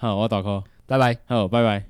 好，我大哥，拜拜，好，拜拜。